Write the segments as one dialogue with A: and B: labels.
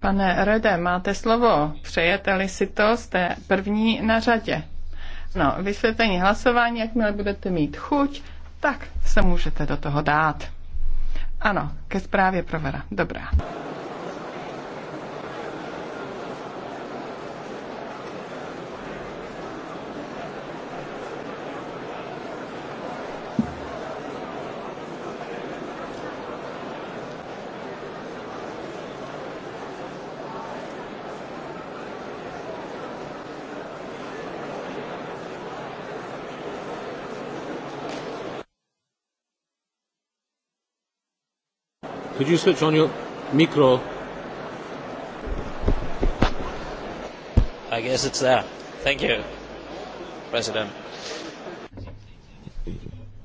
A: Pane Röde, máte slovo. Přejete-li si to, jste první na řadě. No, vysvětlení hlasování, jakmile budete mít chuť, tak se můžete do toho dát. Ano, ke zprávě provera. Dobrá.
B: Could you switch on your micro? I guess it's there. Thank you, President.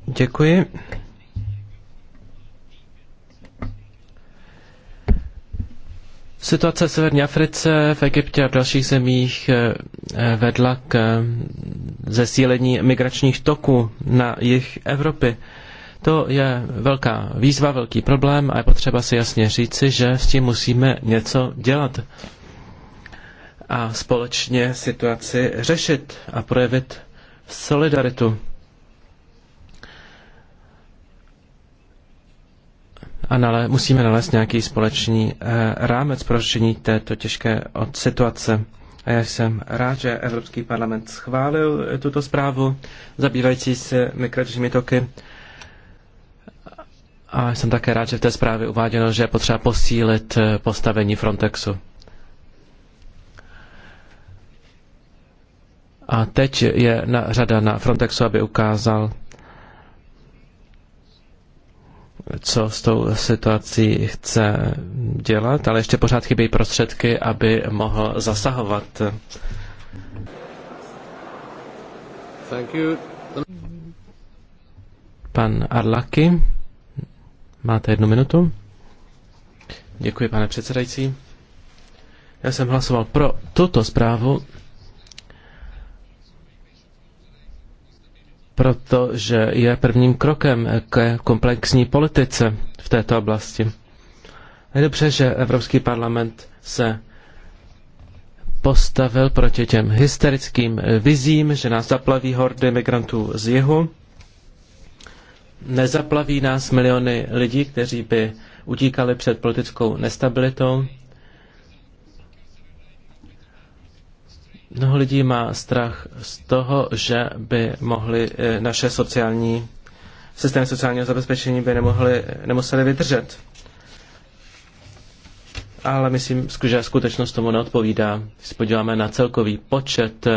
B: Děkuji. Situace v Severní Africe, v Egyptě a v dalších zemích eh, eh, vedla k eh, zesílení migračních toků na jih Evropy. To je velká výzva, velký problém a je potřeba si jasně říci, že s tím musíme něco dělat a společně situaci řešit a projevit solidaritu. A nale, musíme nalézt nějaký společný eh, rámec pro řešení této těžké od situace. A já jsem rád, že Evropský parlament schválil eh, tuto zprávu zabývající se migračními toky a jsem také rád, že v té zprávě uváděno, že je potřeba posílit eh, postavení Frontexu. A teď je na, řada na Frontexu, aby ukázal, co s tou situací chce dělat, ale ještě pořád chybějí prostředky, aby mohl zasahovat. Thank you. Pan Arlaki. Máte jednu minutu? Děkuji, pane předsedající. Já jsem hlasoval pro tuto zprávu, protože je prvním krokem k komplexní politice v této oblasti. Je dobře, že Evropský parlament se postavil proti těm hysterickým vizím, že nás zaplaví hordy migrantů z jihu nezaplaví nás miliony lidí, kteří by utíkali před politickou nestabilitou. Mnoho lidí má strach z toho, že by mohli eh, naše sociální systémy sociálního zabezpečení by nemohli nemuseli vydržet. Ale myslím, že skutečnost tomu neodpovídá. Když podíváme na celkový počet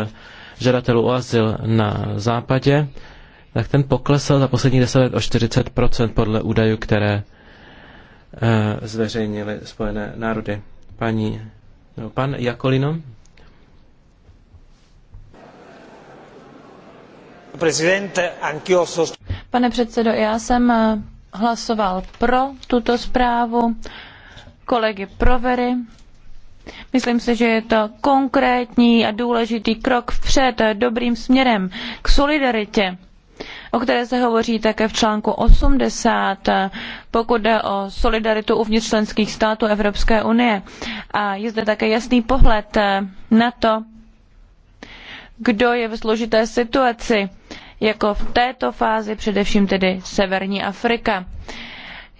B: žadatelů o azyl na západě, tak ten poklesl za poslední deset let o 40% podle údajů, které eh, zveřejnili Spojené národy. Paní, no, pan Jakolino.
C: Pane předsedo, já jsem eh, hlasoval pro tuto zprávu kolegy Provery. Myslím si, že je to konkrétní a důležitý krok vpřed eh, dobrým směrem k solidaritě o které se hovoří také v článku 80, pokud jde o solidaritu uvnitř členských států Evropské unie. A je zde také jasný pohled eh, na to, kdo je ve složité situaci, jako v této fázi především tedy Severní Afrika.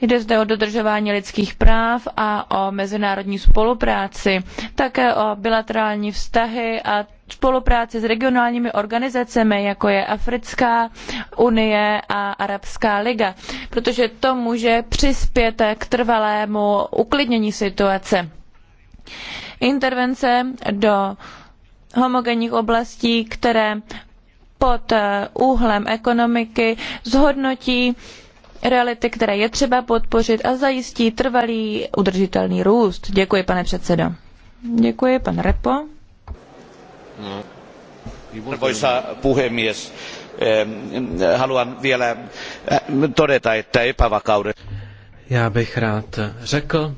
C: Jde zde o dodržování lidských práv a o mezinárodní spolupráci, také o bilaterální vztahy a spolupráci s regionálními organizacemi, jako je Africká unie a Arabská liga, protože to může přispět k trvalému uklidnění situace. Intervence do homogenních oblastí, které pod eh, úhlem ekonomiky zhodnotí reality, které je třeba podpořit a zajistí trvalý udržitelný růst. Děkuji, pane předsedo. Děkuji, pan Repo.
B: Arvoisa puhemies, haluan vielä todeta, että epävakaudet... Já bych rád řekl,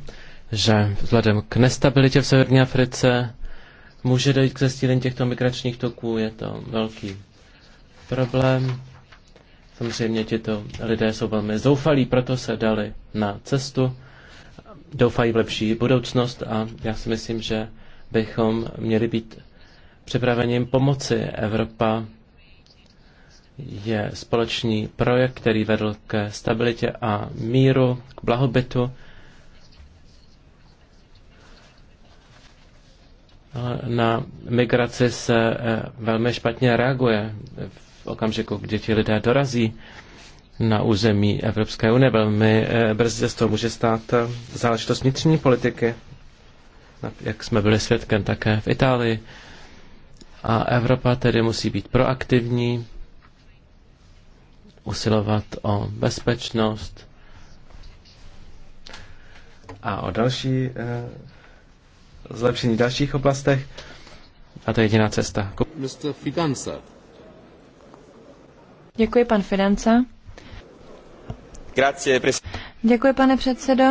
B: že vzhledem k nestabilitě v Severní Africe může dojít k zestílení těchto migračních toků, je to velký problém. Samozřejmě tito lidé jsou velmi zoufalí, proto se dali na cestu, doufají v lepší budoucnost a já si myslím, že bychom měli být připravením pomoci. Evropa je společný projekt, který vedl ke stabilitě a míru, k blahobytu. Na migraci se eh, velmi špatně reaguje okamžiku, kdy ti lidé dorazí na území Evropské unie. Velmi eh, brzy z toho může stát eh, záležitost vnitřní politiky, jak jsme byli svědkem také v Itálii. A Evropa tedy musí být proaktivní, usilovat o bezpečnost a o další eh, zlepšení v dalších oblastech. A to je jediná cesta. Mr. Fidanza.
C: Děkuji, pan Finance. Děkuji, pane předsedo.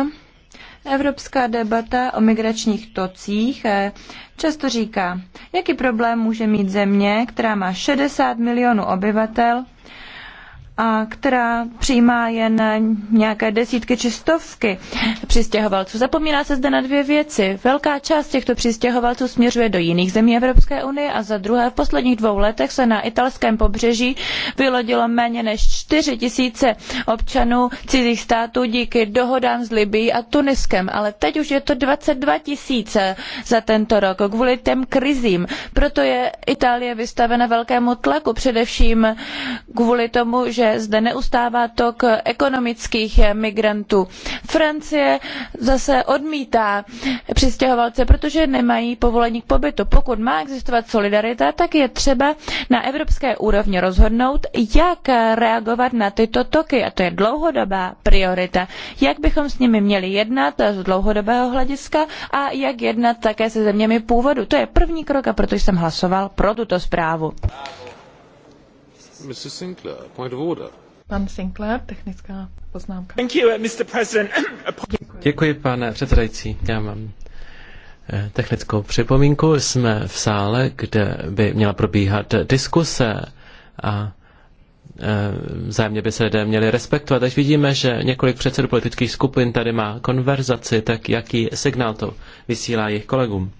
C: Evropská debata o migračních tocích eh, často říká, jaký problém může mít země, která má 60 milionů obyvatel a která přijímá jen nějaké desítky či stovky přistěhovalců. Zapomíná se zde na dvě věci. Velká část těchto přistěhovalců směřuje do jiných zemí Evropské unie a za druhé v posledních dvou letech se na italském pobřeží vylodilo méně než 4 tisíce občanů cizích států díky dohodám s Libií a Tuniskem. Ale teď už je to 22 tisíce za tento rok kvůli těm krizím. Proto je Itálie vystavena velkému tlaku, především kvůli tomu, že že zde neustává tok ekonomických migrantů. Francie zase odmítá přistěhovalce, protože nemají povolení k pobytu. Pokud má existovat solidarita, tak je třeba na evropské úrovni rozhodnout, jak reagovat na tyto toky. A to je dlouhodobá priorita. Jak bychom s nimi měli jednat z dlouhodobého hlediska a jak jednat také se zeměmi původu. To je první krok a proto jsem hlasoval pro tuto zprávu
A: technická uh,
B: Děkuji, pane předsedající. Já mám eh, technickou připomínku. Jsme v sále, kde by měla probíhat diskuse a eh, vzájemně by se lidé měli respektovat. Když vidíme, že několik předsedů politických skupin tady má konverzaci, tak jaký signál to vysílá jejich kolegům?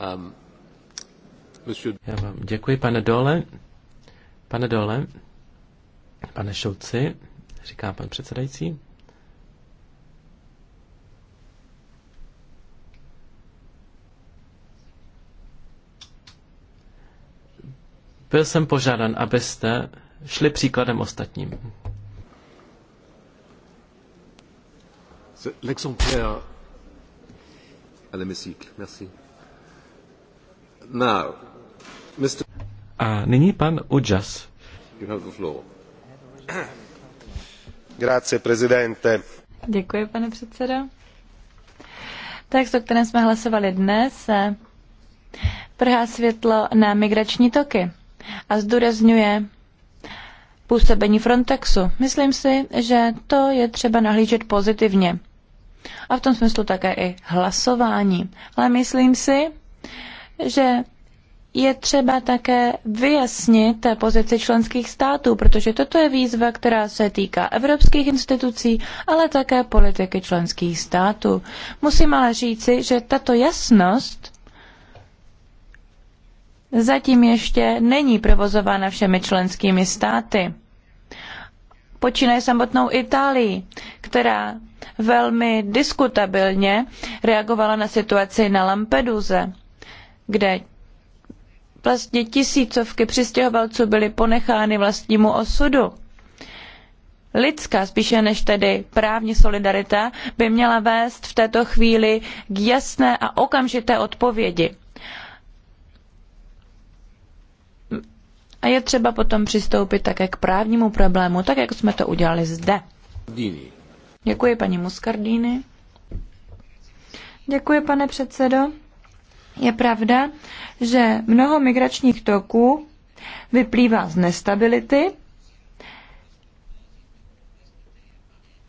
B: Um, Já vám děkuji, pane Dole. Pane Dole, pane Šouci, říká pan předsedající. Byl jsem požádán, abyste šli příkladem ostatním. L'exemplaire
D: à l'hémicycle. Merci.
B: Now, Mr. A nyní pan Udžas. You have the floor. Grazie,
C: Děkuji, pane předsedo. Text, o kterém jsme hlasovali dnes, eh, prhá světlo na migrační toky a zdůrazňuje působení Frontexu. Myslím si, že to je třeba nahlížet pozitivně a v tom smyslu také i hlasování. Ale myslím si, že je třeba také vyjasnit pozici členských států, protože toto je výzva, která se týká evropských institucí, ale také politiky členských států. Musím ale říci, že tato jasnost zatím ještě není provozována všemi členskými státy. Počínaje samotnou Itálií, která velmi diskutabilně reagovala na situaci na Lampeduze, kde vlastně tisícovky přistěhovalců byly ponechány vlastnímu osudu. Lidská, spíše než tedy právní solidarita, by měla vést v této chvíli k jasné a okamžité odpovědi. A je třeba potom přistoupit také k právnímu problému, tak jak jsme to udělali zde. Děkuji paní Muscardini. Děkuji, pane předsedo. Je pravda, že mnoho migračních toků vyplývá z nestability,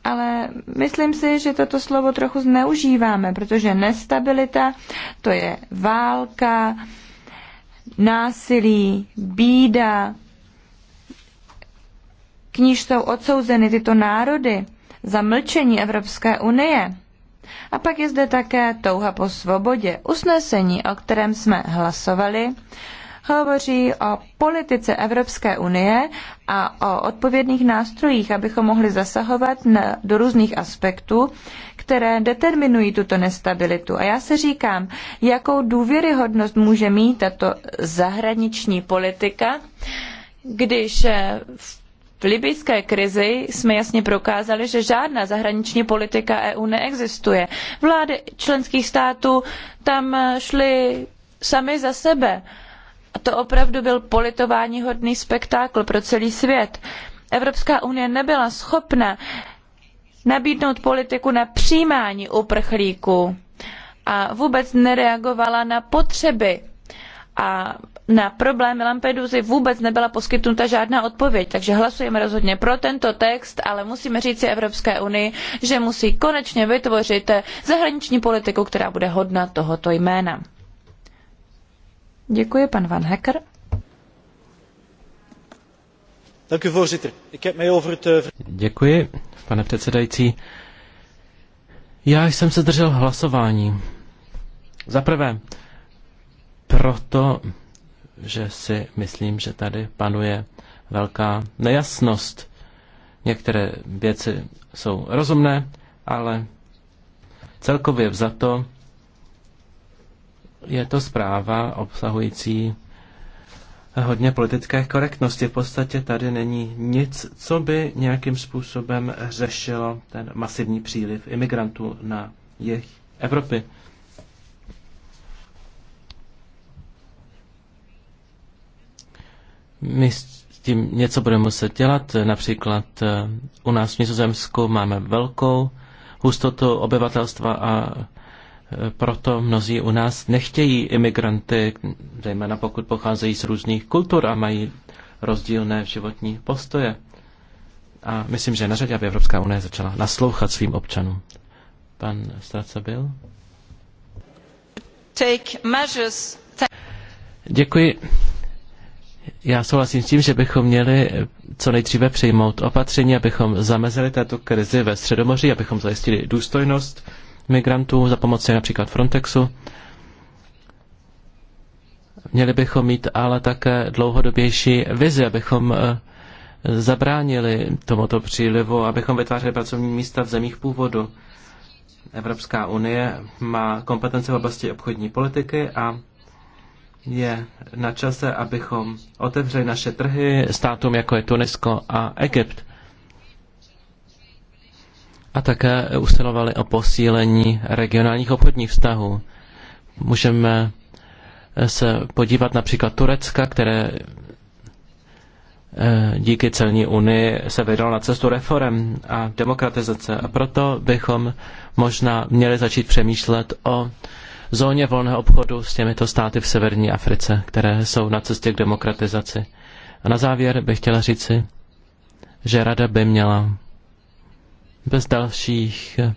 C: ale myslím si, že toto slovo trochu zneužíváme, protože nestabilita to je válka, násilí, bída, k níž jsou odsouzeny tyto národy za mlčení Evropské unie. A pak je zde také touha po svobodě. Usnesení, o kterém jsme hlasovali, hovoří o politice Evropské unie a o odpovědných nástrojích, abychom mohli zasahovat na, do různých aspektů, které determinují tuto nestabilitu. A já se říkám, jakou důvěryhodnost může mít tato zahraniční politika, když eh, v v libijské krizi jsme jasně prokázali, že žádná zahraniční politika EU neexistuje. Vlády členských států tam šly sami za sebe. A to opravdu byl politováníhodný spektákl pro celý svět. Evropská unie nebyla schopna nabídnout politiku na přijímání uprchlíků a vůbec nereagovala na potřeby a na problémy Lampedusy vůbec nebyla poskytnuta žádná odpověď, takže hlasujeme rozhodně pro tento text, ale musíme říci Evropské unii, že musí konečně vytvořit zahraniční politiku, která bude hodna tohoto jména. Děkuji, pan Van Hecker.
B: Eh, Děkuji, pane předsedající. Já jsem se držel hlasování. Za prvé, proto, že si myslím, že tady panuje velká nejasnost. Některé věci jsou rozumné, ale celkově vzato je to zpráva obsahující hodně politické korektnosti. V podstatě tady není nic, co by nějakým způsobem řešilo ten masivní příliv imigrantů na jejich Evropy. My s tím něco budeme muset dělat. Například eh, u nás v Nizozemsku máme velkou hustotu obyvatelstva a eh, proto mnozí u nás nechtějí imigranty, zejména pokud pocházejí z různých kultur a mají rozdílné životní postoje. A myslím, že na řadě, aby Evropská unie začala naslouchat svým občanům. Pan Straca byl?
E: Take measures.
B: Děkuji. Já souhlasím s tím, že bychom měli eh, co nejdříve přijmout opatření, abychom zamezili této krizi ve Středomoří, abychom zajistili důstojnost migrantů za pomoci například Frontexu. Měli bychom mít ale také dlouhodobější vizi, abychom eh, zabránili tomuto přílivu, abychom vytvářeli pracovní místa v zemích původu. Evropská unie má kompetence v oblasti obchodní politiky a je na čase, abychom otevřeli naše trhy státům, jako je Tunisko a Egypt. A také usilovali o posílení regionálních obchodních vztahů. Můžeme se podívat například Turecka, které eh, díky celní unii se vydalo na cestu reform a demokratizace. A proto bychom možná měli začít přemýšlet o zóně volného obchodu s těmito státy v severní Africe, které jsou na cestě k demokratizaci. A na závěr bych chtěla říci, že rada by měla bez dalších eh,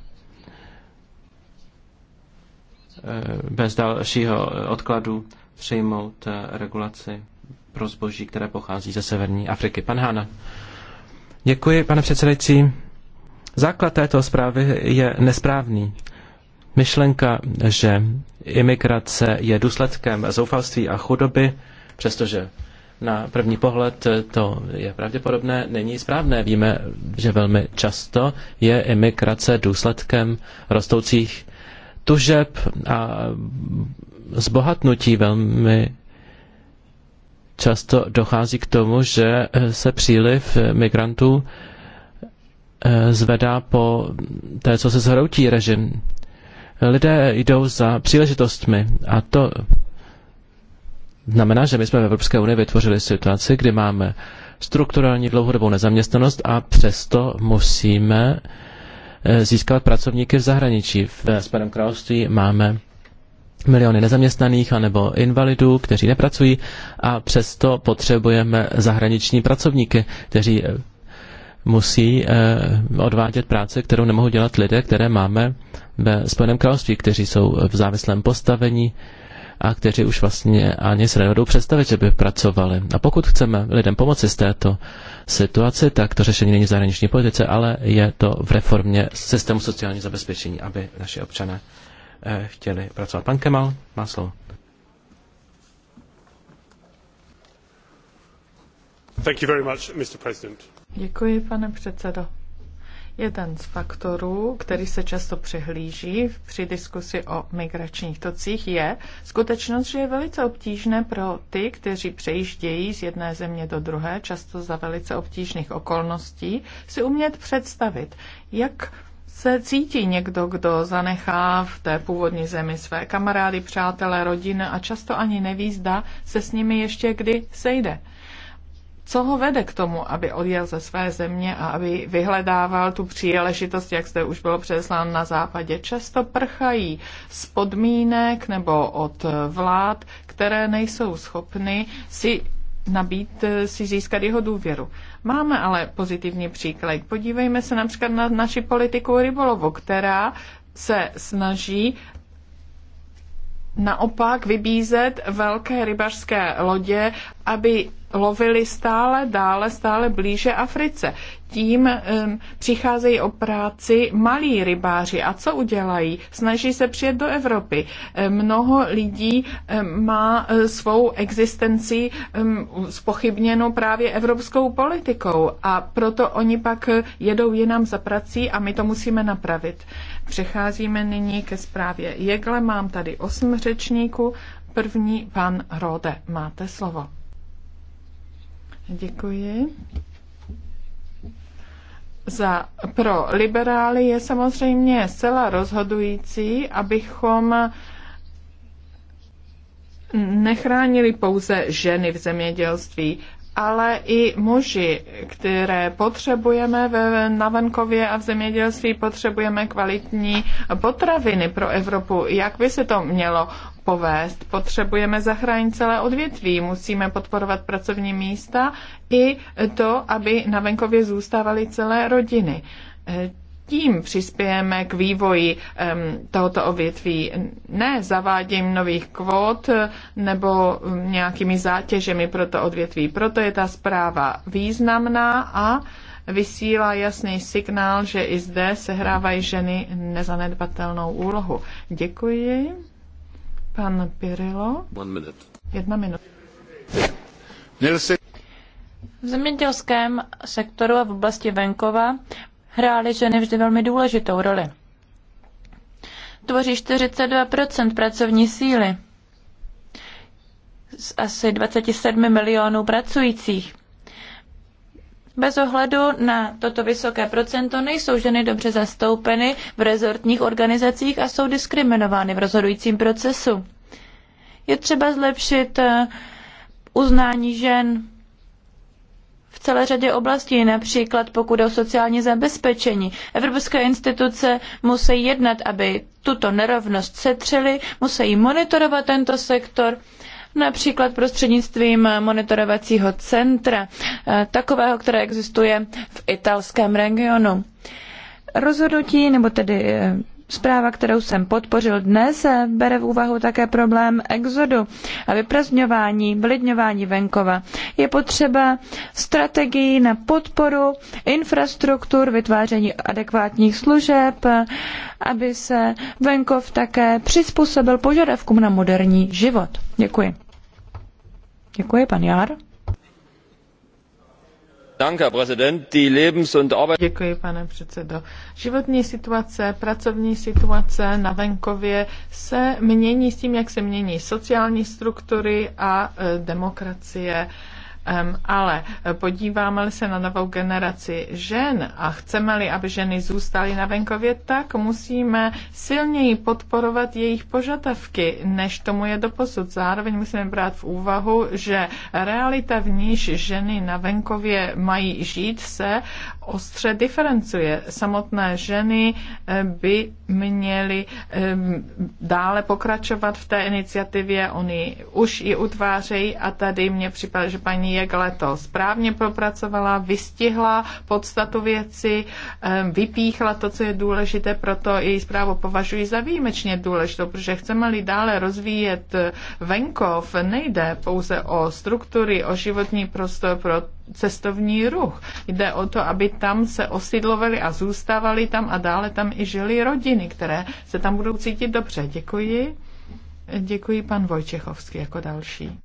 B: bez dalšího odkladu přijmout eh, regulaci pro zboží, které pochází ze severní Afriky. Pan Hána. Děkuji, pane předsedající. Základ této zprávy je nesprávný. Myšlenka, že imigrace je důsledkem zoufalství a chudoby, přestože na první pohled to je pravděpodobné, není správné. Víme, že velmi často je imigrace důsledkem rostoucích tužeb a zbohatnutí velmi často dochází k tomu, že se příliv migrantů eh, zvedá po té, co se zhroutí režim lidé jdou za příležitostmi a to znamená, že my jsme v Evropské unii vytvořili situaci, kdy máme strukturální dlouhodobou nezaměstnanost a přesto musíme eh, získat pracovníky v zahraničí. V Spojeném království máme miliony nezaměstnaných anebo invalidů, kteří nepracují a přesto potřebujeme zahraniční pracovníky, kteří eh, musí eh, odvádět práce, kterou nemohou dělat lidé, které máme ve Spojeném království, kteří jsou v závislém postavení a kteří už vlastně ani se nedodou představit, že by pracovali. A pokud chceme lidem pomoci z této situace, tak to řešení není v zahraniční politice, ale je to v reformě systému sociální zabezpečení, aby naši občané eh, chtěli pracovat. Pan Kemal má slovo.
C: Thank you very much, Mr. President.
A: Děkuji, pane předsedo. Jeden z faktorů, který se často přehlíží při diskusi o migračních tocích, je skutečnost, že je velice obtížné pro ty, kteří přejíždějí z jedné země do druhé, často za velice obtížných okolností, si umět představit, jak se cítí někdo, kdo zanechá v té původní zemi své kamarády, přátelé, rodiny a často ani neví, zda se s nimi ještě kdy sejde co ho vede k tomu, aby odjel ze své země a aby vyhledával tu příležitost, jak zde už bylo přeslán na západě. Často prchají z podmínek nebo od vlád, které nejsou schopny si nabít, si získat jeho důvěru. Máme ale pozitivní příklad. Podívejme se například na naši politiku rybolovu, která se snaží naopak vybízet velké rybařské lodě, aby lovili stále dále, stále blíže Africe. Tím um, přicházejí o práci malí rybáři. A co udělají? Snaží se přijet do Evropy. Mnoho lidí um, má e, svou existenci um, spochybněnou právě evropskou politikou a proto oni pak e, jedou jinam za prací a my to musíme napravit. Přecházíme nyní ke zprávě Jegle. Mám tady osm řečníků. První pan Rode. Máte slovo. Děkuji. Za, pro liberály je samozřejmě zcela rozhodující, abychom nechránili pouze ženy v zemědělství, ale i muži, které potřebujeme ve, na venkově a v zemědělství, potřebujeme kvalitní potraviny pro Evropu. Jak by se to mělo povést? Potřebujeme zachránit celé odvětví, musíme podporovat pracovní místa i to, aby na venkově zůstávaly celé rodiny tím přispějeme k vývoji tohoto odvětví. Ne zaváděním nových kvót eh, nebo mm, nějakými zátěžemi pro to odvětví. Proto je ta zpráva významná a vysílá jasný signál, že i zde sehrávají ženy nezanedbatelnou úlohu. Děkuji. Pan Pirilo. One minute. Jedna minuta.
C: V zemědělském sektoru a v oblasti venkova hrály ženy vždy velmi důležitou roli. Tvoří 42 pracovní síly z asi 27 milionů pracujících. Bez ohledu na toto vysoké procento nejsou ženy dobře zastoupeny v rezortních organizacích a jsou diskriminovány v rozhodujícím procesu. Je třeba zlepšit eh, uznání žen v celé řadě oblastí, například pokud o sociální zabezpečení. Evropské instituce musí jednat, aby tuto nerovnost setřely, musí monitorovat tento sektor, například prostřednictvím monitorovacího centra, eh, takového, které existuje v italském regionu. Rozhodnutí, nebo tedy eh, Zpráva, kterou jsem podpořil dnes, bere v úvahu také problém exodu a vyprazňování, vylidňování venkova. Je potřeba strategii na podporu infrastruktur, vytváření adekvátních služeb, aby se venkov také přizpůsobil požadavkům na moderní život. Děkuji. Děkuji, pan Jár.
A: Děkuji, pane předsedo. Životní situace, pracovní situace na venkově se mění s tím, jak se mění sociální struktury a e, demokracie ale podíváme-li se na novou generaci žen a chceme-li, aby ženy zůstaly na venkově, tak musíme silněji podporovat jejich požadavky, než tomu je doposud. Zároveň musíme brát v úvahu, že realita, v níž ženy na venkově mají žít, se ostře diferencuje. Samotné ženy eh, by měly dále pokračovat v té iniciativě, oni už ji utvářejí a tady mě připadá, že paní jak letos. Správně propracovala, vystihla podstatu věci, vypíchla to, co je důležité, proto její zprávu považuji za výjimečně důležitou, protože chceme-li dále rozvíjet venkov, nejde pouze o struktury, o životní prostor pro cestovní ruch. Jde o to, aby tam se osidlovali a zůstávali tam a dále tam i žili rodiny, které se tam budou cítit dobře. Děkuji. Děkuji pan Vojčechovský jako další.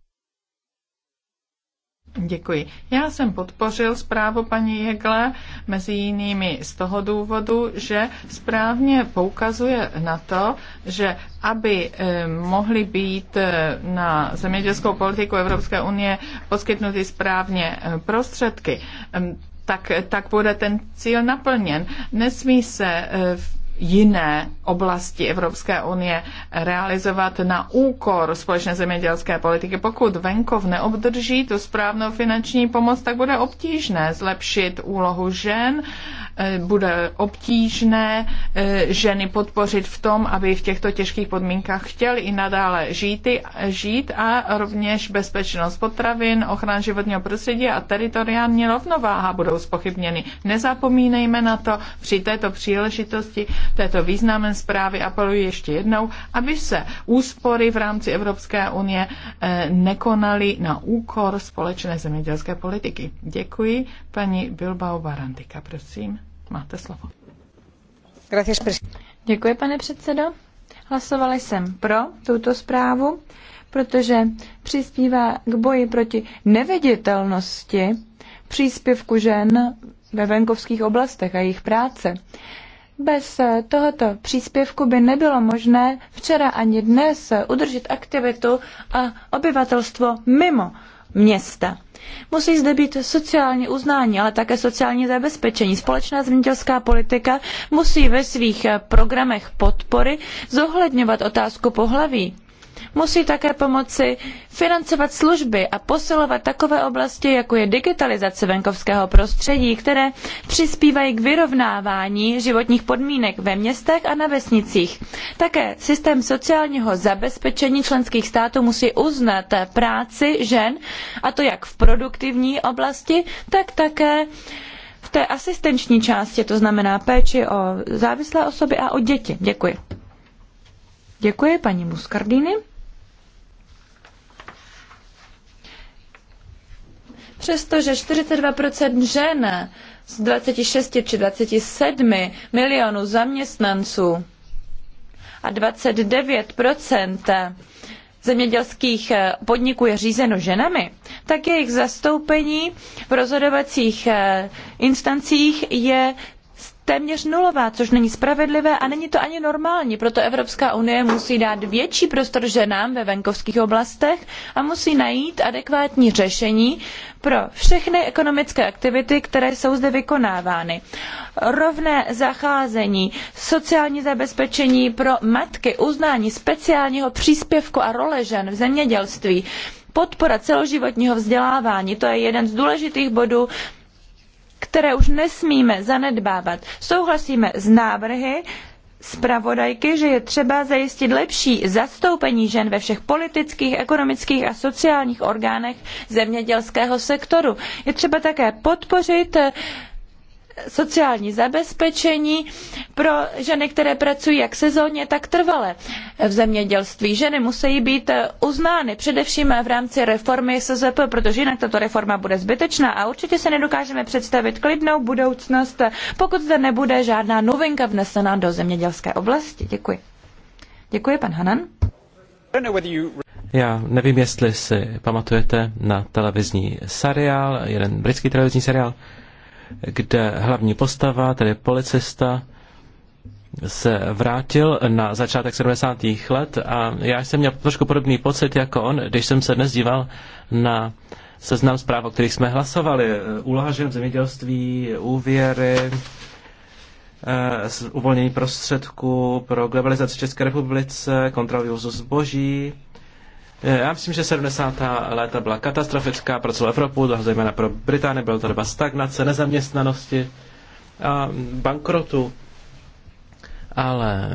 A: Děkuji. Já jsem podpořil zprávu paní Jegle mezi jinými z toho důvodu, že správně poukazuje na to, že aby eh, mohly být eh, na zemědělskou politiku Evropské unie poskytnuty správně eh, prostředky, tak, tak bude ten cíl naplněn. Nesmí se v jiné oblasti Evropské unie realizovat na úkor společné zemědělské politiky. Pokud venkov neobdrží tu správnou finanční pomoc, tak bude obtížné zlepšit úlohu žen, eh, bude obtížné eh, ženy podpořit v tom, aby v těchto těžkých podmínkách chtěli i nadále žít, žít a rovněž bezpečnost potravin, ochrana životního prostředí a teritoriální rovnováha budou spochybněny. Nezapomínejme na to při této příležitosti této významné zprávy apeluji ještě jednou, aby se úspory v rámci Evropské unie eh, nekonaly na úkor společné zemědělské politiky. Děkuji. Paní Bilbao Barandika, prosím, máte slovo. Děkuji, pane předsedo. Hlasovala jsem pro tuto
C: zprávu, protože přispívá k boji proti neviditelnosti příspěvku žen ve venkovských oblastech a jejich práce. Bez eh, tohoto příspěvku by nebylo možné včera ani dnes udržet aktivitu a obyvatelstvo mimo města. Musí zde být sociální uznání, ale také sociální zabezpečení. Společná zemědělská politika musí ve svých eh, programech podpory zohledňovat otázku pohlaví Musí také pomoci financovat služby a posilovat takové oblasti, jako je digitalizace venkovského prostředí, které přispívají k vyrovnávání životních podmínek ve městech a na vesnicích. Také systém sociálního zabezpečení členských států musí uznat práci žen, a to jak v produktivní oblasti, tak také v té asistenční části, to znamená péči o závislé osoby a o děti. Děkuji. Děkuji paní Muscardini. Přestože 42% žen z 26 či 27 milionů zaměstnanců a 29% zemědělských podniků je řízeno ženami, tak jejich zastoupení v rozhodovacích eh, instancích je téměř nulová, což není spravedlivé a není to ani normální. Proto Evropská unie musí dát větší prostor ženám ve venkovských oblastech a musí najít adekvátní řešení pro všechny ekonomické aktivity, které jsou zde vykonávány. Rovné zacházení, sociální zabezpečení pro matky, uznání speciálního příspěvku a role žen v zemědělství, podpora celoživotního vzdělávání, to je jeden z důležitých bodů které už nesmíme zanedbávat. Souhlasíme s návrhy, zpravodajky, že je třeba zajistit lepší zastoupení žen ve všech politických, ekonomických a sociálních orgánech zemědělského sektoru. Je třeba také podpořit sociální zabezpečení pro ženy, které pracují jak sezónně, tak trvale v zemědělství. Ženy musí být eh, uznány především v rámci reformy SZP, protože jinak tato reforma bude zbytečná a určitě se nedokážeme představit klidnou budoucnost, eh, pokud zde nebude žádná novinka vnesena do zemědělské oblasti. Děkuji. Děkuji, pan Hanan.
B: Já nevím, jestli si pamatujete na televizní seriál, jeden britský televizní seriál, kde hlavní postava, tedy policista, se vrátil na začátek 70. let a já jsem měl trošku podobný pocit jako on, když jsem se dnes díval na seznam zpráv, o kterých jsme hlasovali. Ulážen v zemědělství, úvěry, eh, uvolnění prostředků pro globalizaci České republice, kontrolu zboží, Eh, já myslím, že 70. léta byla katastrofická pro celou Evropu, zejména pro Británii, byla to doba stagnace, nezaměstnanosti a bankrotu. Ale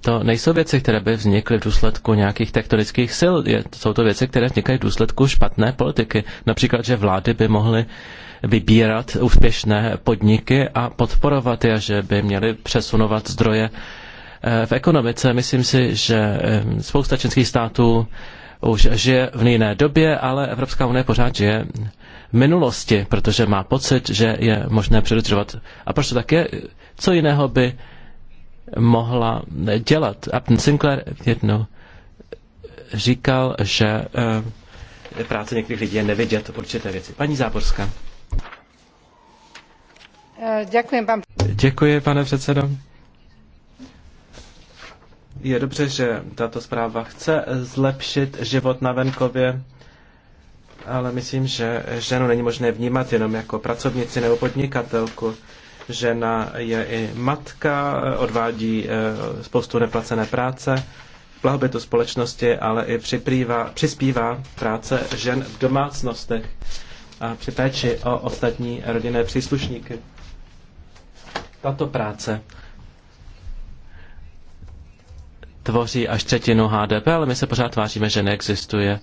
B: to nejsou věci, které by vznikly v důsledku nějakých tektonických sil. Je, jsou to věci, které vznikají v důsledku špatné politiky. Například, že vlády by mohly vybírat úspěšné podniky a podporovat je, že by měly přesunovat zdroje eh, v ekonomice. Myslím si, že eh, spousta členských států už žije v jiné době, ale Evropská unie pořád žije v minulosti, protože má pocit, že je možné předurčovat. A proč to tak je? Co jiného by mohla dělat? Upton Sinclair jednou říkal, že eh, práce některých lidí je nevidět určité věci. Paní Záborská.
A: Eh, děkuji, pan...
B: Děkuji, pane předsedo. Je dobře, že tato zpráva chce zlepšit život na venkově, ale myslím, že ženu není možné vnímat jenom jako pracovnici nebo podnikatelku. Žena je i matka, odvádí eh, spoustu neplacené práce, blahobytu společnosti, ale i připrývá, přispívá práce žen v domácnostech a při péči o ostatní rodinné příslušníky. Tato práce tvoří až třetinu HDP, ale my se pořád tváříme, že neexistuje.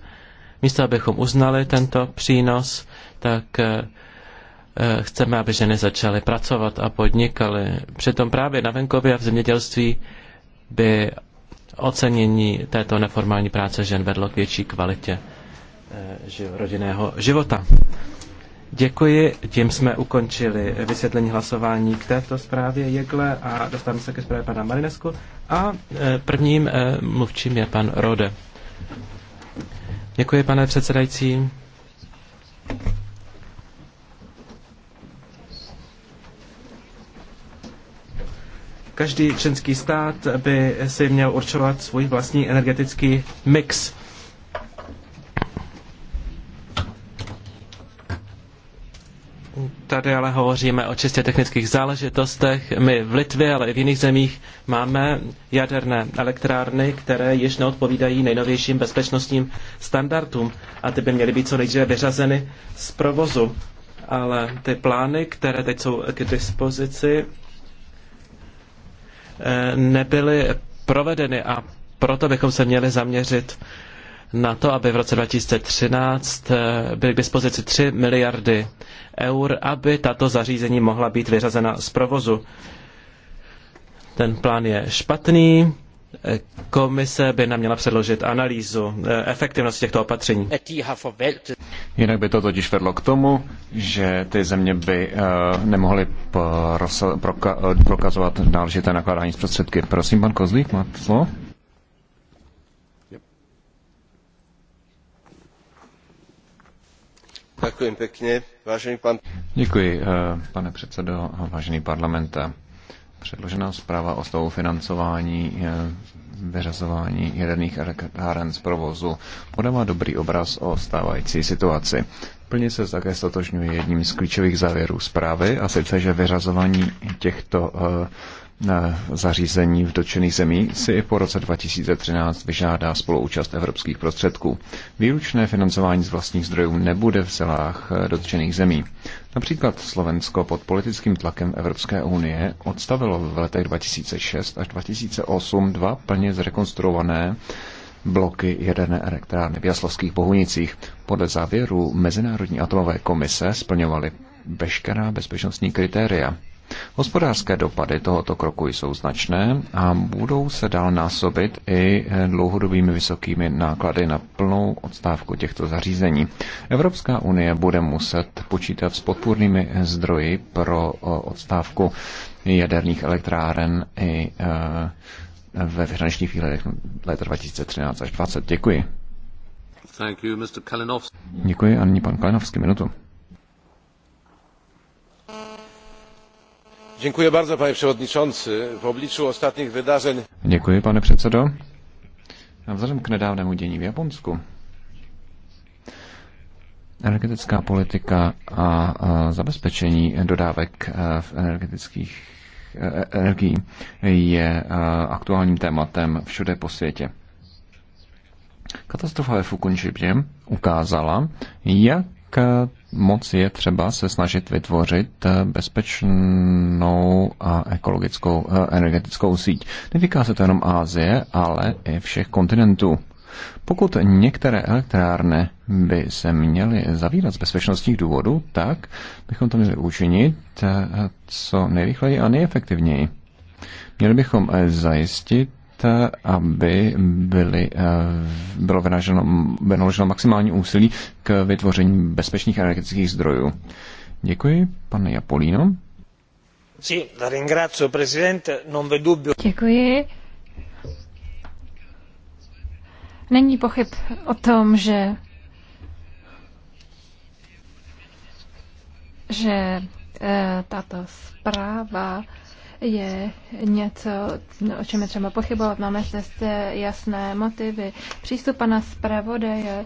B: Místo, abychom uznali tento přínos, tak eh, eh, chceme, aby ženy začaly pracovat a podnikaly. Přitom právě na venkově a v zemědělství by ocenění této neformální práce žen vedlo k větší kvalitě eh, rodinného života. Děkuji, tím jsme ukončili vysvětlení hlasování k této zprávě Jegle a dostáváme se ke zprávě pana Marinesku. A e, prvním e, mluvčím je pan Rode. Děkuji, pane předsedající. Každý členský stát by si měl určovat svůj vlastní energetický mix Tady ale hovoříme o čistě technických záležitostech. My v Litvě, ale i v jiných zemích máme jaderné elektrárny, které již neodpovídají nejnovějším bezpečnostním standardům a ty by měly být co nejdříve vyřazeny z provozu. Ale ty plány, které teď jsou k dispozici, eh, nebyly provedeny a proto bychom se měli zaměřit na to, aby v roce 2013 eh, byly k dispozici 3 miliardy eur, aby tato zařízení mohla být vyřazena z provozu. Ten plán je špatný. Eh, komise by nám měla předložit analýzu eh, efektivnosti těchto opatření. Jinak by to totiž vedlo k tomu,
D: že ty země by nemohly proka- prokazovat náležité nakládání s prostředky. Prosím, pan Kozlík, máte slovo? Eh, pane předsedo, vážený parlamente. Předložená zpráva o stavu financování eh, vyřazování jaderných elektráren z provozu podává dobrý obraz o stávající situaci. Plně se také stotožňuje jedním z klíčových závěrů zprávy, a sice, že vyřazování těchto uh, zařízení v dotčených zemí si po roce 2013 vyžádá spoluúčast evropských prostředků. Výlučné financování z vlastních zdrojů nebude v celách eh, dotčených zemí. Například Slovensko pod politickým tlakem Evropské unie odstavilo v letech 2006 až 2008 dva plně zrekonstruované bloky jedené elektrárny v Jaslovských Bohunicích. Podle závěru Mezinárodní atomové komise splňovaly veškerá bezpečnostní kritéria. Hospodářské dopady tohoto kroku jsou značné a budou se dál násobit i dlouhodobými vysokými náklady na plnou odstávku těchto zařízení. Evropská unie bude muset počítat s podpůrnými zdroji pro odstávku jaderných elektráren i e, ve finančních výhledech let 2013 až 2020. Děkuji. Děkuji a nyní pan Kalinovský minutu.
F: Děkuji pane V
D: Děkuji, pane předsedo. A vzhledem k nedávnému dění v Japonsku, energetická politika a zabezpečení dodávek e, v energetických e, e, energií je aktuálním tématem všude po světě. Katastrofa ve Fukushimě ukázala, jak Eh, moc je třeba se snažit vytvořit eh, bezpečnou a ekologickou eh, energetickou síť. Netýká se to jenom Ázie, ale i všech kontinentů. Pokud některé elektrárny by se měly zavírat z bezpečnostních důvodů, tak bychom to měli učinit co nejrychleji a nejefektivněji. Měli bychom zajistit aby byly, eh, bylo vynaloženo maximální úsilí k vytvoření bezpečných energetických zdrojů. Děkuji, pane Japolíno.
F: Děkuji. Není pochyb o tom, že že eh, tato zpráva je něco, o čem je třeba pochybovat. Máme zde jasné motivy. Přístup pana zpravodaje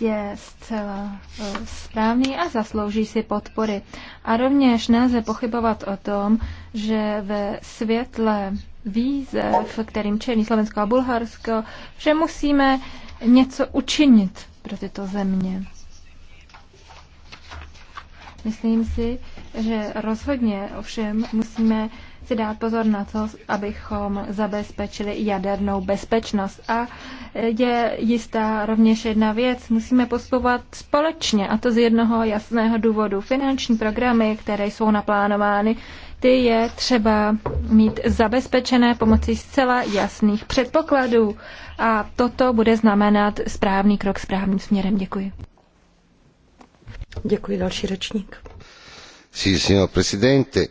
F: je zcela eh, správný a zaslouží si podpory. A rovněž nelze pochybovat o tom, že ve světle výzev, kterým čelí Slovensko a Bulharsko, že musíme něco učinit pro tyto země. Myslím si, že rozhodně ovšem musíme si dát pozor na to, abychom zabezpečili jadernou bezpečnost. A je jistá rovněž jedna věc. Musíme postupovat společně, a to z jednoho jasného důvodu. Finanční programy, které jsou naplánovány, ty je třeba mít zabezpečené pomocí zcela jasných předpokladů. A toto bude znamenat správný krok správným směrem. Děkuji.
E: Děkuji, další řečník
B: signor presidente.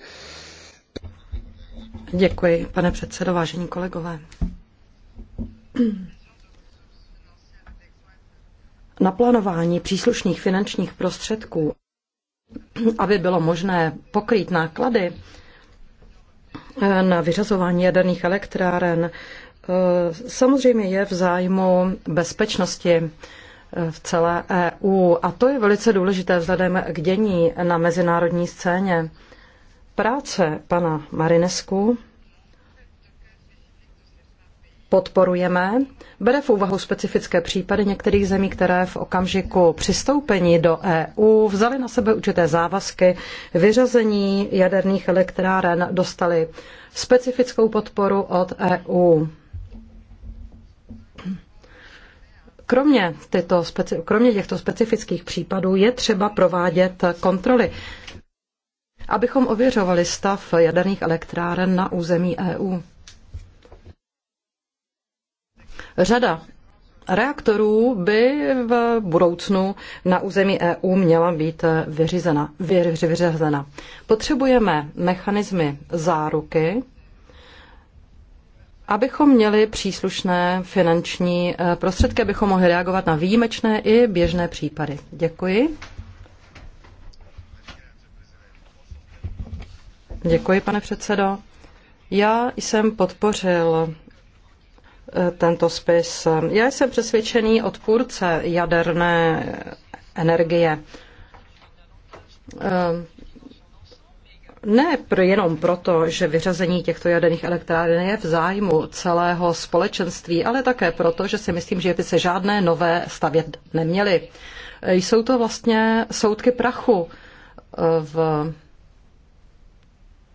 E: Děkuji, pane předsedo, vážení kolegové. Naplánování příslušných finančních prostředků, aby bylo možné pokrýt náklady eh, na vyřazování jaderných elektráren, eh, samozřejmě je v zájmu bezpečnosti v celé EU. A to je velice důležité vzhledem k dění na mezinárodní scéně. Práce pana Marinesku podporujeme, bere v úvahu specifické případy některých zemí, které v okamžiku přistoupení do EU vzali na sebe určité závazky, vyřazení jaderných elektráren dostali specifickou podporu od EU. Kromě, tyto, kromě těchto specifických případů je třeba provádět kontroly, abychom ověřovali stav jaderných elektráren na území EU. Řada reaktorů by v budoucnu na území EU měla být vyřízena. vyřízena. Potřebujeme mechanismy záruky Abychom měli příslušné finanční eh, prostředky, abychom mohli reagovat na výjimečné i běžné případy. Děkuji. Děkuji, pane předsedo. Já jsem podpořil eh, tento spis. Já jsem přesvědčený odpůrce jaderné energie. Eh, ne jenom proto, že vyřazení těchto jaderných elektráren je v zájmu celého společenství, ale také proto, že si myslím, že by se žádné nové stavět neměly. Jsou to vlastně soudky prachu eh, v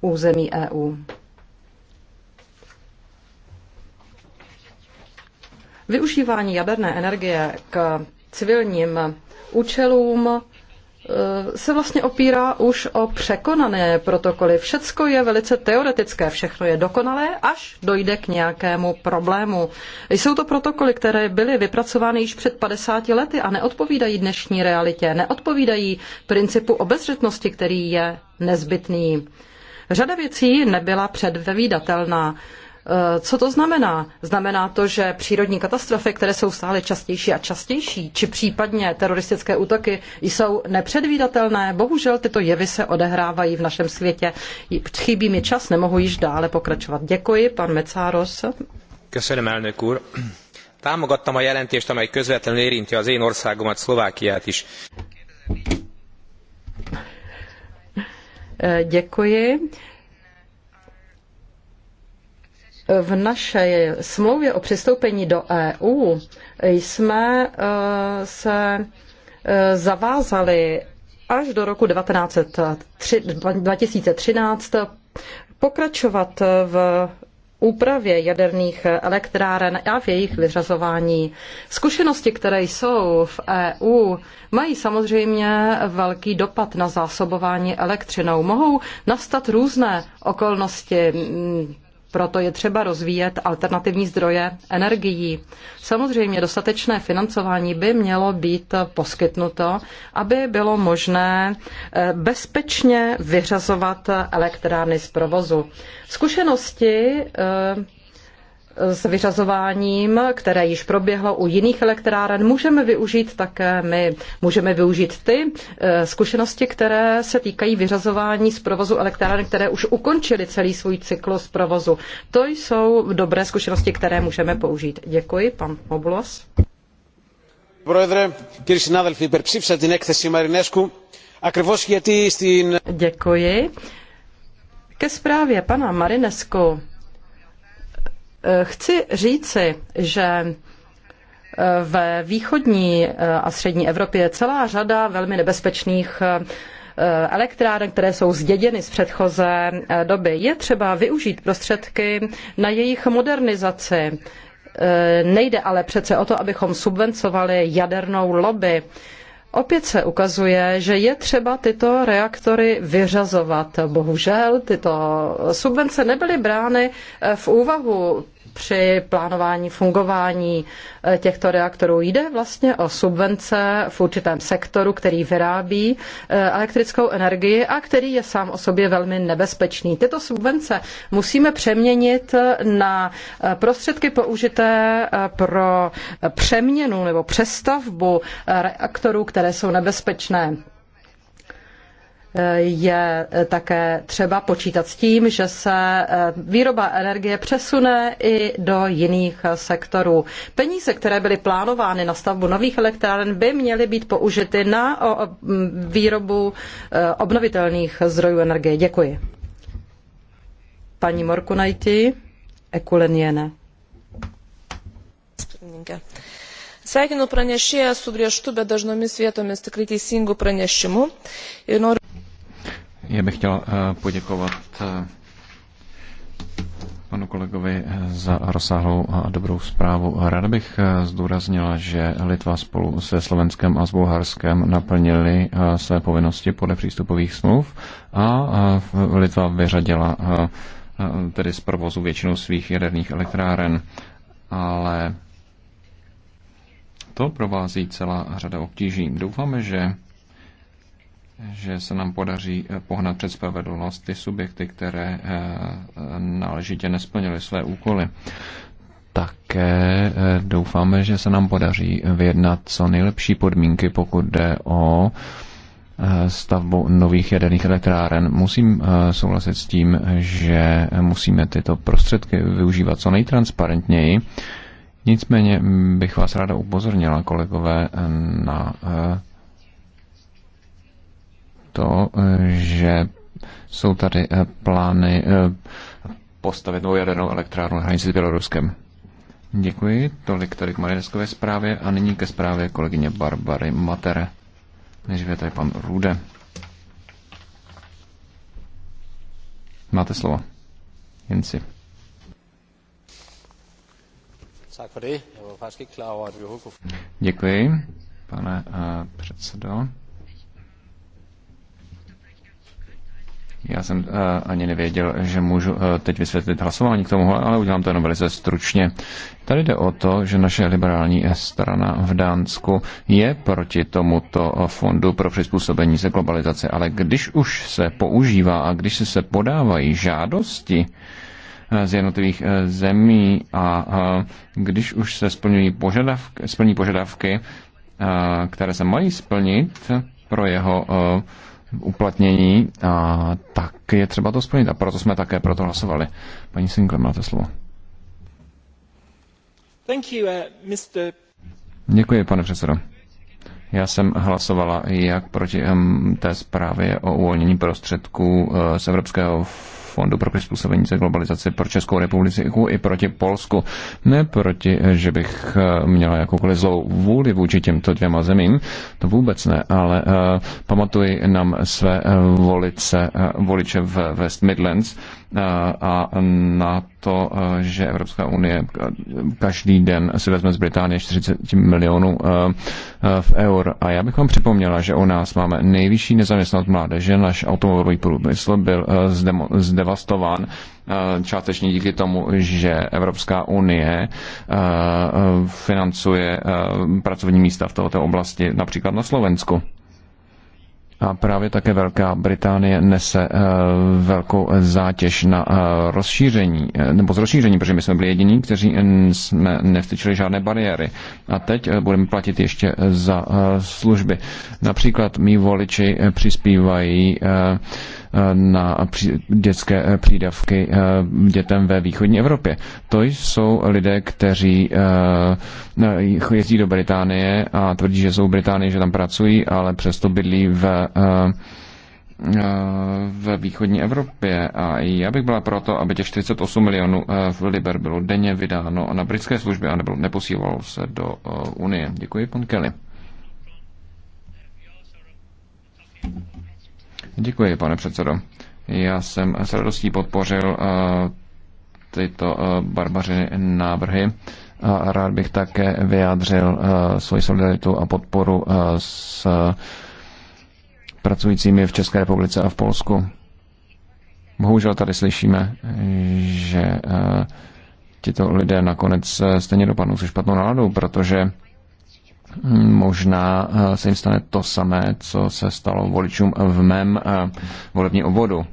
E: území EU. Využívání jaderné energie k civilním účelům Eh, se vlastně opírá už o překonané protokoly. Všecko je velice teoretické, všechno je dokonalé, až dojde k nějakému problému. Jsou to protokoly, které byly vypracovány již před 50 lety a neodpovídají dnešní realitě, neodpovídají principu obezřetnosti, který je nezbytný. Řada věcí nebyla předvídatelná. Eh, co to znamená? Znamená to, že přírodní katastrofy, které jsou stále častější a častější, či případně teroristické útoky, jsou nepředvídatelné? Bohužel tyto jevy se odehrávají v našem světě. Chybí mi čas, nemohu již dále pokračovat. Děkuji, pan Mecáros.
D: Köszönöm, elnök úr. Támogattam a jelentést, amely közvetlenül érinti az én országomat, Szlovákiát is.
E: Eh, děkuji v naší smlouvě o přistoupení do EU jsme eh, se eh, zavázali až do roku 2013 pokračovat v úpravě jaderných elektráren a v jejich vyřazování. Zkušenosti, které jsou v EU, mají samozřejmě velký dopad na zásobování elektřinou. Mohou nastat různé okolnosti, proto je třeba rozvíjet alternativní zdroje energií. Samozřejmě dostatečné financování by mělo být poskytnuto, aby bylo možné eh, bezpečně vyřazovat elektrárny z provozu. Zkušenosti eh, s vyřazováním, které již proběhlo u jiných elektráren, můžeme využít také my. Můžeme využít ty eh, zkušenosti, které se týkají vyřazování z provozu elektráren, které už ukončily celý svůj cyklus provozu. To jsou dobré zkušenosti, které můžeme použít. Děkuji, pan Mobulos. Děkuji. Ke zprávě pana Marinesku Eh, chci říci, že eh, ve východní eh, a střední Evropě je celá řada velmi nebezpečných elektráren, které jsou zděděny z předchozí doby. Je třeba využít prostředky na jejich modernizaci. Nejde ale přece o to, abychom subvencovali jadernou lobby. Opět se ukazuje, že je třeba tyto reaktory vyřazovat. Bohužel tyto subvence nebyly brány v úvahu při plánování fungování eh, těchto reaktorů. Jde vlastně o subvence v určitém sektoru, který vyrábí eh, elektrickou energii a který je sám o sobě velmi nebezpečný. Tyto subvence musíme přeměnit eh, na prostředky použité pro přeměnu nebo přestavbu reaktorů, které jsou nebezpečné je také třeba počítat s tím, že se eh, výroba energie přesune i do jiných eh, sektorů. Peníze, které byly plánovány na stavbu nových elektráren, by měly být použity na výrobu eh, obnovitelných zdrojů energie. Děkuji. Paní Morkunajti, Ekuleniene.
A: Sveikinu pranešėją su griežtu, bet dažnomis vietomis tikrai teisingu pranešimu. Ir noriu
D: já bych chtěl eh, poděkovat eh, panu kolegovi eh, za rozsáhlou a dobrou zprávu. Ráda bych zdůraznila, že Litva spolu se Slovenskem a s Bulharskem naplnili své povinnosti podle přístupových smluv a Litva vyřadila tedy z provozu většinu svých jaderných elektráren. Ale to provází celá řada obtíží. Doufáme, že že se nám podaří eh, pohnat před spravedlnost ty subjekty, které eh, náležitě nesplnily své úkoly. Také eh, doufáme, že se nám podaří vyjednat co nejlepší podmínky, pokud jde o stavbu nových jaderných elektráren. Musím souhlasit s tím, že musíme tyto prostředky využívat co nejtransparentněji. Nicméně bych vás ráda upozornila, kolegové, na to, že jsou tady eh, plány eh, postavit novou jadernou elektrárnu na hranici s Běloruskem. Děkuji, tolik tady k marineskové zprávě a nyní ke zprávě kolegyně Barbary Matere. Než je tady pan Rude. Máte slovo. Jen si. Děkuji, pane eh, předsedo. Já jsem uh, ani nevěděl, že můžu uh, teď vysvětlit hlasování k tomu, ale udělám to jenom velice stručně. Tady jde o to, že naše liberální strana v Dánsku je proti tomuto fondu pro přizpůsobení se globalizace. ale když už se používá a když se podávají žádosti, eh, z jednotlivých zemí a když už se splňují požadavky, splní požadavky, které se mají splnit pro jeho uplatnění, a tak je třeba to splnit. A proto jsme také proto hlasovali. Paní Sinkle, máte slovo.
B: Thank you, uh, Mr.
D: Děkuji, pane předsedo. Já jsem hlasovala jak proti um, té zprávě o uvolnění prostředků uh, z Evropského fondu pro přizpůsobení se globalizaci pro Českou republiku i proti Polsku. Ne proti, že bych eh, měla jakoukoliv zlou vůli vůči těmto dvěma zemím, to vůbec ne, ale eh, pamatuji nám své eh, volice, voliče v West Midlands, a na to, že Evropská unie každý den si vezme z Británie 40 milionů eh, v eur. A já bych vám připomněla, že u nás máme nejvyšší nezaměstnanost mládeže, náš automobilový průmysl byl eh, zdevastován eh, částečně díky tomu, že Evropská unie financuje pracovní místa v této oblasti, například na Slovensku. A právě také Velká Británie nese eh, velkou zátěž na eh, rozšíření, eh, nebo z rozšíření, protože my jsme byli jediní, kteří jsme nevstyčili žádné bariéry. A teď budeme platit ještě za služby. Například mý voliči přispívají na dětské eh, přídavky eh, dětem ve východní Evropě. To jsou lidé, kteří eh, jezdí do Británie a tvrdí, že jsou v Británii, že tam pracují, ale přesto bydlí v v východní Evropě a já bych byla proto, aby těch 48 milionů v liber bylo denně vydáno na britské služby a nebylo, neposílalo se do Unie. Děkuji, pan Kelly. Děkuji, pane předsedo. Já jsem s radostí podpořil eh, tyto eh, barbařiny návrhy. A rád bych také vyjádřil eh, svoji solidaritu a podporu s pracujícími v České republice a v Polsku. Bohužel tady slyšíme, že tito lidé nakonec stejně dopadnou se špatnou náladou, protože možná eh, se jim stane to samé, co se stalo voličům v mém eh, volebním obvodu.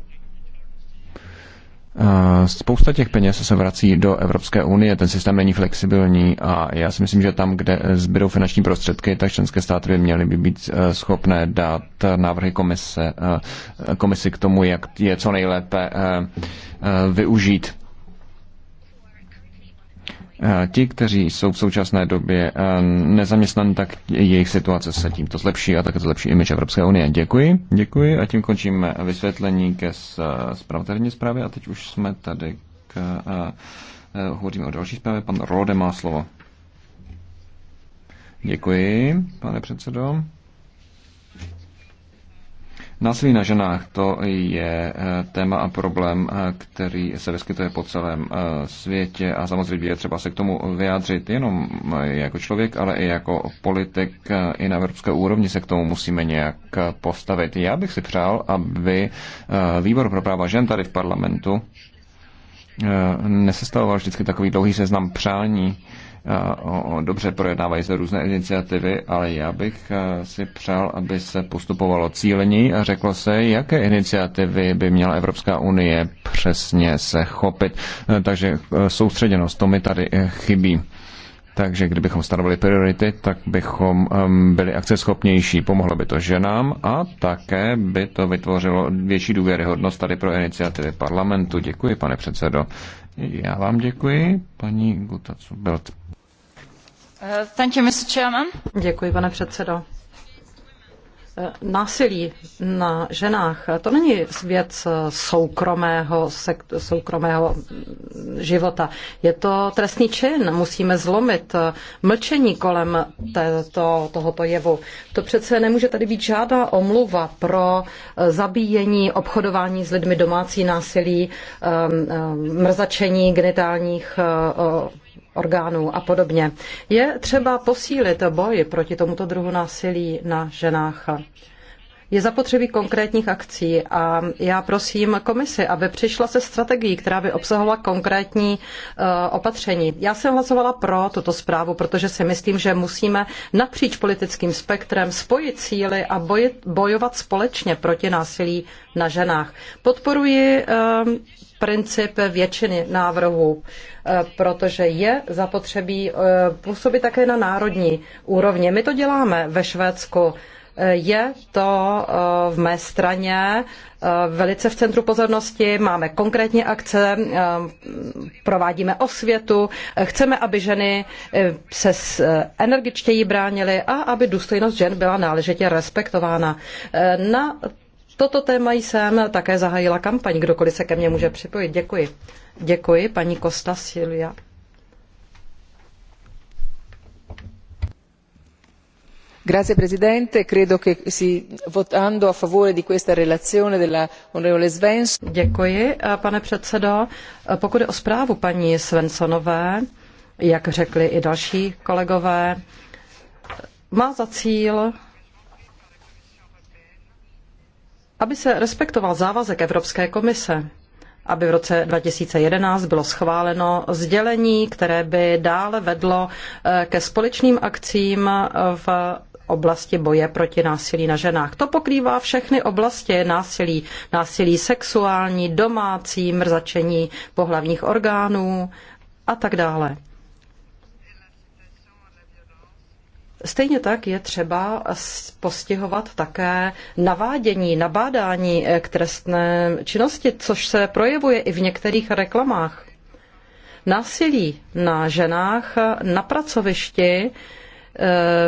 D: Eh, spousta těch peněz se vrací do Evropské unie, ten systém není flexibilní a já si myslím, že tam, kde zbydou finanční prostředky, tak členské státy by měly by být schopné dát návrhy komise, komisi k tomu, jak je co nejlépe využít. Eh, ti, kteří jsou v současné době eh, nezaměstnaní, tak jejich situace se tímto zlepší a také zlepší imič Evropské unie. Děkuji, děkuji a tím končíme eh, vysvětlení ke spravodajní zprávě a teď už jsme tady k, hovoříme o další zprávě. Pan Rode má slovo. Děkuji, pane předsedo. Násilí na ženách to je eh, téma a problém, eh, který se vyskytuje po celém eh, světě a samozřejmě je třeba se k tomu vyjádřit jenom jako člověk, ale i jako politik i na evropské úrovni se k tomu musíme nějak postavit. Já bych si přál, aby výbor pro práva žen tady v parlamentu nesestavoval vždycky takový dlouhý seznam přání, Eh, dobře projednávají se různé iniciativy, ale já bych eh, si přál, aby se postupovalo cílení a řeklo se, jaké iniciativy by měla Evropská unie přesně se chopit. Eh, takže soustředěnost, to mi tady chybí. Takže kdybychom stanovili priority, tak bychom ehm, byli akceschopnější. Pomohlo by to ženám a také by to vytvořilo větší důvěryhodnost tady pro iniciativy parlamentu. Děkuji, pane předsedo. Já vám děkuji, paní Gutacu uh, Belt.
E: Děkuji, pane předsedo. Násilí na ženách, to není věc soukromého, soukromého života. Je to trestný čin. Musíme zlomit mlčení kolem této, tohoto jevu. To přece nemůže tady být žádná omluva pro zabíjení, obchodování s lidmi, domácí násilí, um, um, mrzačení genitálních uh, orgánů a podobně. Je třeba posílit boj proti tomuto druhu násilí na ženách. Je zapotřebí konkrétních akcí a já prosím komisi, aby přišla se strategií, která by obsahovala konkrétní eh, opatření. Já jsem hlasovala pro tuto zprávu, protože si myslím, že musíme napříč politickým spektrem spojit síly a bojovat společně proti násilí na ženách. Podporuji eh, princip většiny návrhů, eh, protože je zapotřebí působit také na národní úrovni. My to děláme ve Švédsku je to eh, v mé straně eh, velice v centru pozornosti, máme konkrétní akce, eh, provádíme osvětu, chceme, aby ženy se energičtěji bránily a aby důstojnost žen byla náležitě respektována. Na toto téma jsem také zahájila kampaň, kdokoliv se ke mně může připojit. Děkuji. Děkuji, paní Kosta Silvia.
A: signor presidente credo che
E: votando a favore di questa relazione dell'onorevole svensson. děkuji eh, pane eh, pokud jde o zprávu paní svensonové jak řekli i další kolegové eh, má za cíl aby se respektoval závazek Evropské komise aby v roce 2011 bylo schváleno sdělení, které by dále vedlo ke společným akcím v oblasti boje proti násilí na ženách. To pokrývá všechny oblasti násilí. Násilí sexuální, domácí, mrzačení pohlavních orgánů a tak dále. Stejně tak je třeba postihovat také navádění, nabádání eh, k trestné činnosti, což se projevuje i v některých reklamách. Násilí na ženách na pracovišti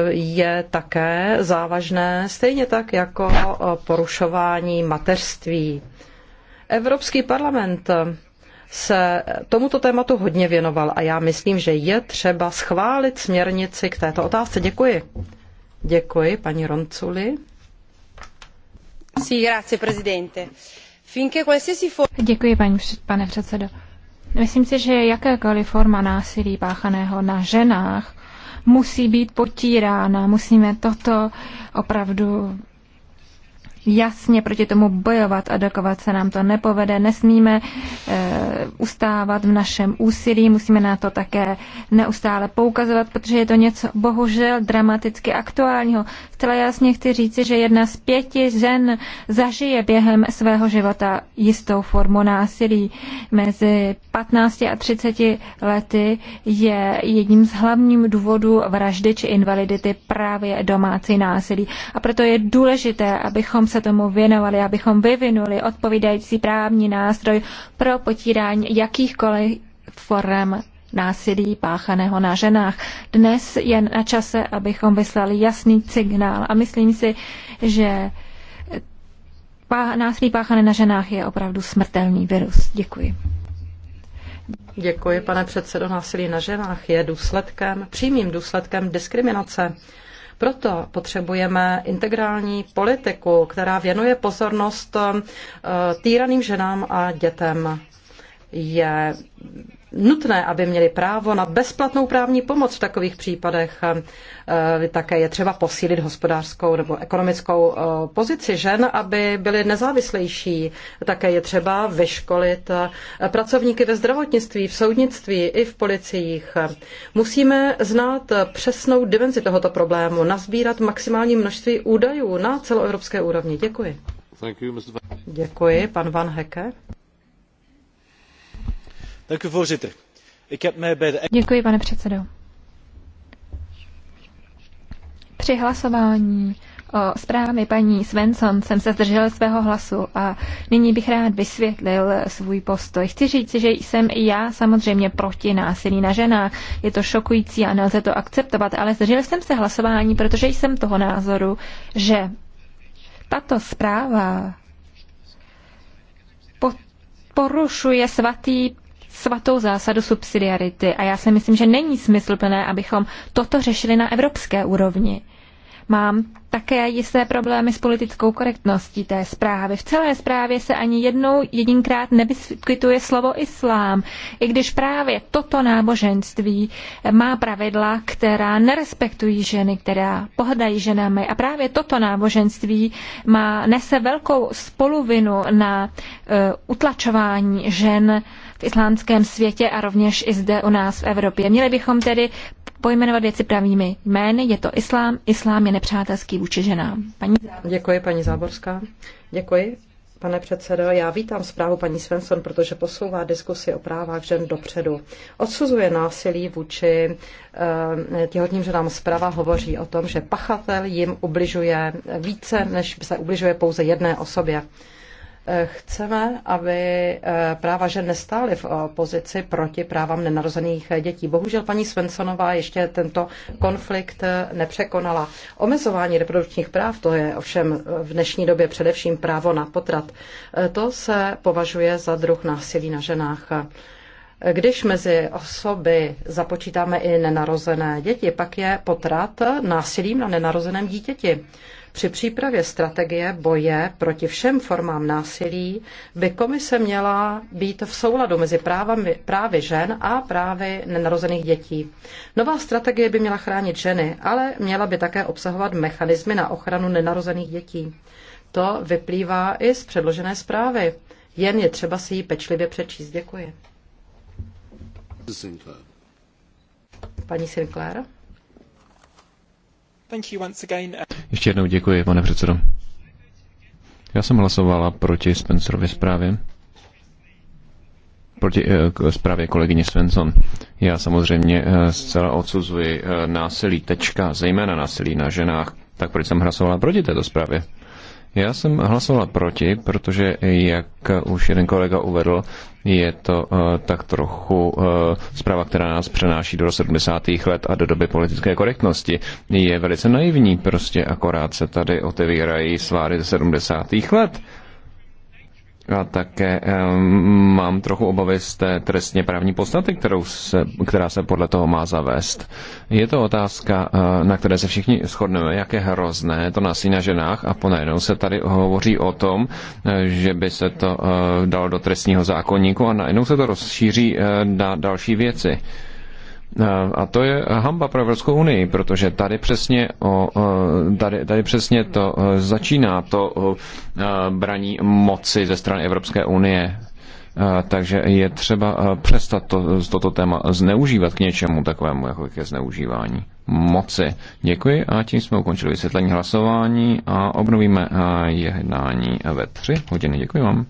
E: je také závažné, stejně tak jako porušování mateřství. Evropský parlament se tomuto tématu hodně věnoval a já myslím, že je třeba schválit směrnici k této otázce. Děkuji. Děkuji, paní Ronculi.
F: Sí, grazie, presidente. Finché qualsiasi for... Děkuji, paní, pane předsedo. Myslím si, že jakékoliv forma násilí páchaného na ženách musí být potírána. Musíme toto opravdu jasně proti tomu bojovat a dokovat se nám to nepovede. Nesmíme e, ustávat v našem úsilí, musíme na to také neustále poukazovat, protože je to něco bohužel dramaticky aktuálního. Zcela jasně chci říci, že jedna z pěti žen zažije během svého života jistou formu násilí. Mezi 15 a 30 lety je jedním z hlavních důvodů vraždy či invalidity právě domácí násilí. A proto je důležité, abychom se tomu věnovali, abychom vyvinuli odpovídající právní nástroj pro potírání jakýchkoliv forem násilí páchaného na ženách. Dnes je na čase, abychom vyslali jasný signál a myslím si, že násilí páchané na ženách je opravdu smrtelný virus. Děkuji.
E: Děkuji, pane předsedo. Násilí na ženách je důsledkem, přímým důsledkem diskriminace proto potřebujeme integrální politiku, která věnuje pozornost eh, týraným ženám a dětem. Je nutné, aby měli právo na bezplatnou právní pomoc v takových případech. Eh, eh, také je třeba posílit hospodářskou nebo ekonomickou eh, pozici žen, aby byly nezávislejší. Také je třeba vyškolit pracovníky ve zdravotnictví, v soudnictví i v policiích. Musíme znát přesnou dimenzi tohoto problému, nazbírat maximální množství údajů na celoevropské úrovni. Děkuji. Děkuji, pan Van Heke. Děkuji, pane předsedo.
F: Při hlasování o zprávě paní Svensson jsem se zdržel svého hlasu a nyní bych rád vysvětlil svůj postoj. Chci říct, že jsem i já samozřejmě proti násilí na ženách. Je to šokující a nelze to akceptovat, ale zdržel jsem se hlasování, protože jsem toho názoru, že tato zpráva porušuje svatý svatou zásadu subsidiarity a já si myslím, že není smysl plné, abychom toto řešili na evropské úrovni. Mám také jisté problémy s politickou korektností té zprávy. V celé zprávě se ani jednou jedinkrát nevyskytuje slovo islám, i když právě toto náboženství má pravidla, která nerespektují ženy, která pohodají ženami. A právě toto náboženství má, nese velkou spoluvinu na uh, utlačování žen v islámském světě a rovněž i zde u nás v Evropě. Měli bychom tedy pojmenovat věci pravými jmény. Je to islám, islám je nepřátelský vůči ženám. Paní...
E: Děkuji, paní Záborská. Děkuji. Pane předsedo, já vítám zprávu paní Svensson, protože posouvá diskusi o právách žen dopředu. Odsuzuje násilí vůči e, těhotním ženám zpráva, hovoří o tom, že pachatel jim ubližuje více, než se ubližuje pouze jedné osobě. Eh, chceme, aby eh, práva žen nestály v pozici proti právám nenarozených eh, dětí. Bohužel paní Svensonová ještě tento konflikt nepřekonala. Omezování reprodukčních práv, to je ovšem v dnešní době především právo na potrat, to se považuje za druh násilí na ženách. Když mezi osoby započítáme i nenarozené děti, pak je potrat násilím na nenarozeném dítěti. Při přípravě strategie boje proti všem formám násilí by komise měla být v souladu mezi právami, právy žen a právy nenarozených dětí. Nová strategie by měla chránit ženy, ale měla by také obsahovat mechanismy na ochranu nenarozených dětí. To vyplývá i z předložené zprávy. Jen je třeba si ji pečlivě přečíst. Děkuji. Paní Sinclair. Uh,
D: Ještě jednou děkuji, pane předsedo. Já jsem hlasovala proti Spencerově zprávě. Proti eh, zprávě kolegyně Svensson. Já samozřejmě eh, zcela odsuzuji eh, násilí tečka, zejména násilí na ženách. Tak proč jsem hlasovala proti této zprávě? Já jsem hlasovala proti, protože, jak už jeden kolega uvedl, je to uh, tak trochu uh, zpráva, která nás přenáší do 70. let a do doby politické korektnosti. Je velice naivní, prostě akorát se tady otevírají sváry ze 70. let a také mám trochu obavy z té trestně právní podstaty, kterou se, která se podle toho má zavést. Je to otázka, eh, na které se všichni shodneme, jak je hrozné to násilí na ženách a ponajednou se tady hovoří o tom, eh, že by se to eh, dalo do trestního zákonníku a najednou se to rozšíří na další věci. A to je hamba pro Evropskou unii, protože tady přesně, o, tady, tady přesně to začíná, to braní moci ze strany Evropské unie. Takže je třeba přestat to, toto téma zneužívat k něčemu takovému, jako je zneužívání moci. Děkuji a tím jsme ukončili vysvětlení hlasování a obnovíme jednání ve tři hodiny. Děkuji vám.